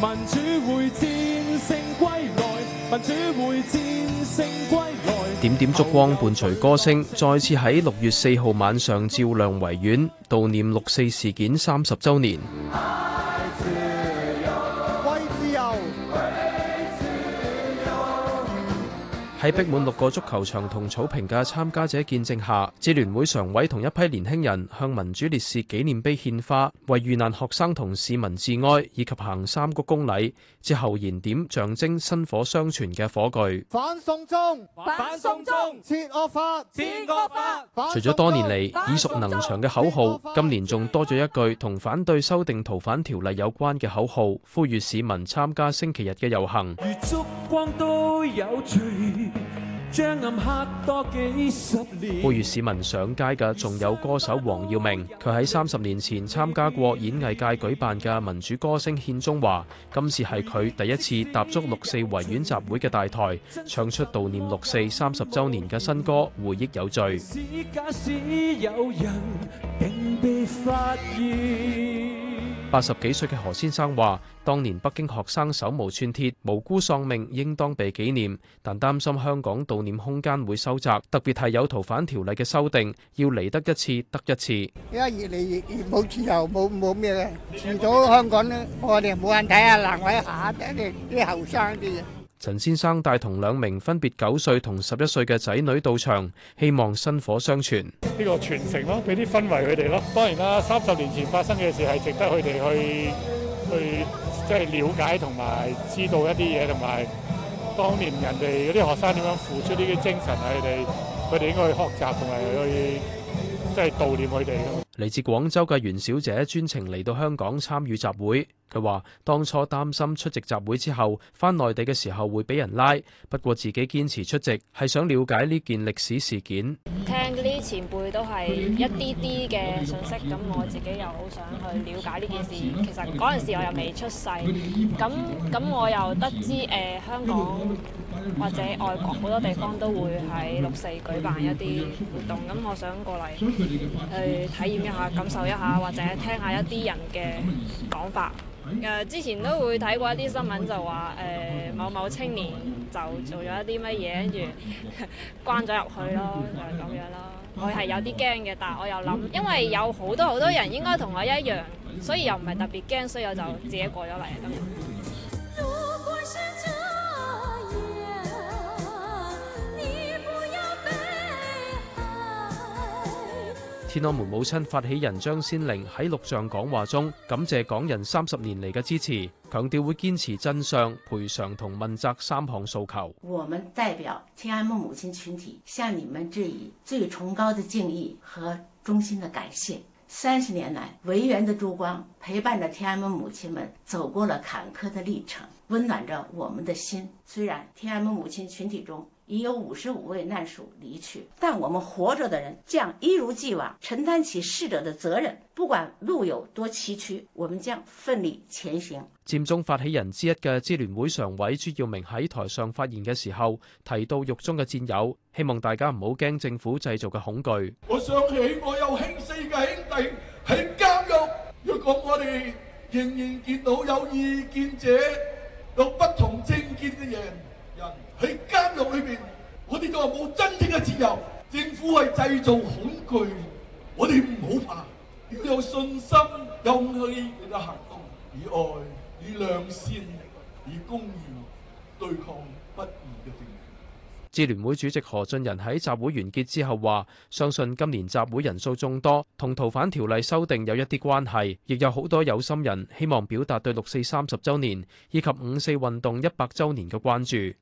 民主會戰勝歸來，點點燭光伴隨歌聲，再次喺六月四號晚上照亮維園，悼念六四事件三十周年。喺逼滿六個足球場同草坪嘅參加者見證下，支聯會常委同一批年輕人向民主烈士紀念碑獻花，為遇難學生同市民致哀，以及行三鞠躬禮。之後燃點象徵薪火相傳嘅火炬。反送中，反送中，撤惡法，撤惡法。除咗多年嚟耳熟能詳嘅口號，今年仲多咗一句同反對修訂逃犯條例有關嘅口號，呼籲市民參加星期日嘅遊行。暗黑多幾十年。呼籲市民上街嘅，仲有歌手黃耀明。佢喺三十年前參加過演藝界舉辦嘅民主歌聲獻中華，今次係佢第一次踏足六四維園集會嘅大台，唱出悼念六四三十週年嘅新歌《回憶有罪》。 八十幾歲嘅何先生話：當年北京學生手無寸鐵，無辜喪命，應當被紀念。但擔心香港悼念空間會收窄，特別係有逃犯條例嘅修訂，要嚟得一次得一次。而家越嚟越冇自由，冇咩，除咗香港，我哋冇眼睇，下難為下啲啲後生啲。陳先生帶同兩名分別九歲同十一歲嘅仔女到場，希望薪火相傳。呢個傳承咯，俾啲氛圍佢哋咯。當然啦，三十年前發生嘅事係值得佢哋去去，去即係了解同埋知道一啲嘢，同埋當年人哋嗰啲學生點樣付出呢啲精神，係佢哋佢哋應該去學習同埋去即係悼念佢哋。嚟自廣州嘅袁小姐專程嚟到香港參與集會，佢話當初擔心出席集會之後翻內地嘅時候會俾人拉，不過自己堅持出席，係想了解呢件歷史事件。聽啲前輩都係一啲啲嘅信息，咁我自己又好想去了解呢件事。其實嗰陣時我又未出世，咁咁我又得知誒、呃、香港或者外國好多地方都會喺六四舉辦一啲活動，咁我想過嚟去體驗。感受一下，或者聽下一啲人嘅講法。誒、呃，之前都會睇過一啲新聞就，就話誒某某青年就做咗一啲乜嘢，跟住 關咗入去咯，就係、是、咁樣咯。我係有啲驚嘅，但係我又諗，因為有好多好多人應該同我一樣，所以又唔係特別驚，所以我就自己過咗嚟啊。我們母親發起人張先玲喺錄像講話中，感謝港人三十年嚟嘅支持，強調會堅持真相、賠償同問責三項訴求。我們代表天安門母親群體，向你們致以最崇高的敬意和衷心的感謝。三十年來，維園的燭光陪伴着天安門母親們走過了坎坷的歷程，溫暖着我們的心。雖然天安門母親群體中，已有五十五位難屬離去，但我們活着的人將一如既往承擔起逝者的責任，不管路有多崎嶇，我們將奮力前行。佔中發起人之一嘅支聯會常委朱耀明喺台上發言嘅時候提到獄中嘅戰友，希望大家唔好驚政府製造嘅恐懼。我想起我有姓氏嘅兄弟喺監獄，如果我哋仍然見到有異見者，有不同政見嘅人。人喺監獄裏邊，我哋仲係冇真正嘅自由。政府係製造恐懼，我哋唔好怕，要有信心、勇氣嚟到行動，以愛、以良善、以公義對抗不義嘅政府。支聯會主席何俊仁喺集會完結之後話：相信今年集會人數眾多，同逃犯條例修訂有一啲關係，亦有好多有心人希望表達對六四三十週年以及五四運動一百週年嘅關注。